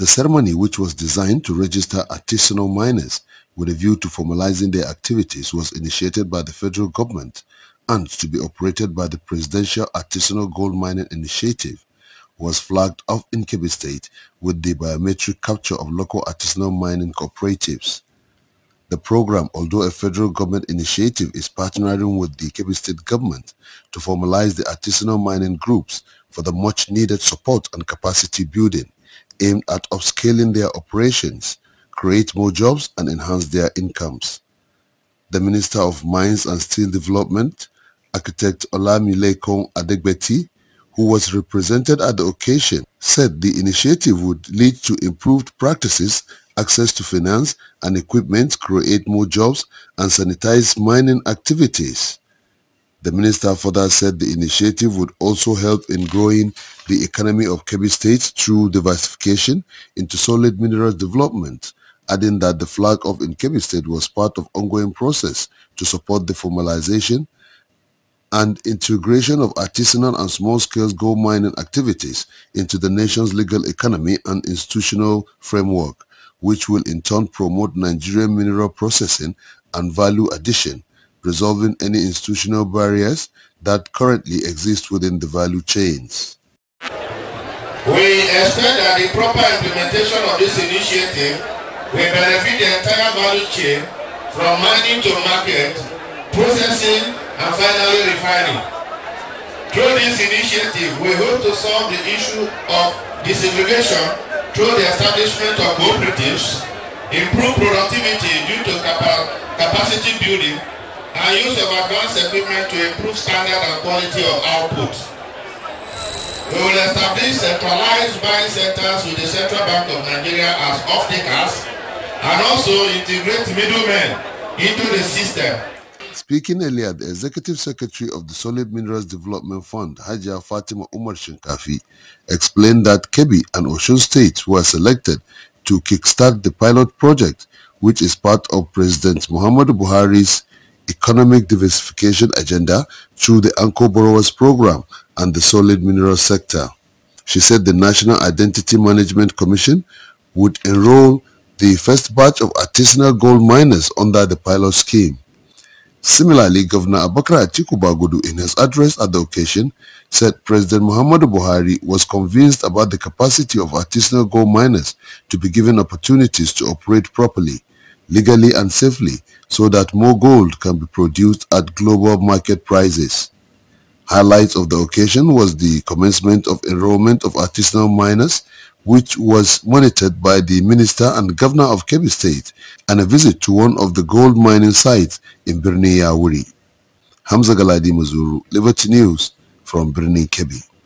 The ceremony, which was designed to register artisanal miners with a view to formalizing their activities, was initiated by the federal government and to be operated by the Presidential Artisanal Gold Mining Initiative, was flagged off in Kebbi State with the biometric capture of local artisanal mining cooperatives. The program, although a federal government initiative, is partnering with the Kebbi State government to formalize the artisanal mining groups for the much-needed support and capacity building aimed at upscaling their operations, create more jobs and enhance their incomes. The Minister of Mines and Steel Development, architect Olamilekon Adegbeti, who was represented at the occasion, said the initiative would lead to improved practices, access to finance and equipment, create more jobs and sanitize mining activities. The minister further said the initiative would also help in growing the economy of Kebbi State through diversification into solid mineral development, adding that the flag of in Kebbi State was part of ongoing process to support the formalization and integration of artisanal and small-scale gold mining activities into the nation's legal economy and institutional framework, which will in turn promote Nigerian mineral processing and value addition resolving any institutional barriers that currently exist within the value chains. We expect that the proper implementation of this initiative will benefit the entire value chain from mining to market, processing and finally refining. Through this initiative, we hope to solve the issue of disintegration through the establishment of cooperatives, improve productivity due to capacity building, and use of advanced equipment to improve standard and quality of output. We will establish centralized buying centers with the Central Bank of Nigeria as off-takers and also integrate middlemen into the system. Speaking earlier, the Executive Secretary of the Solid Minerals Development Fund, Haja Fatima Umar Shinkafi, explained that Kebi and Osun states were selected to kickstart the pilot project, which is part of President Muhammadu Buhari's economic diversification agenda through the Anchor Borrowers Program and the solid mineral sector. She said the National Identity Management Commission would enroll the first batch of artisanal gold miners under the pilot scheme. Similarly, Governor Abakra Atiku in his address at the occasion, said President Muhammadu Buhari was convinced about the capacity of artisanal gold miners to be given opportunities to operate properly legally and safely so that more gold can be produced at global market prices. Highlights of the occasion was the commencement of enrollment of artisanal miners, which was monitored by the Minister and Governor of Kebbi State, and a visit to one of the gold mining sites in Birni Yawuri. Hamza Galadi Mazuru, Liberty News from Birni Kebbi.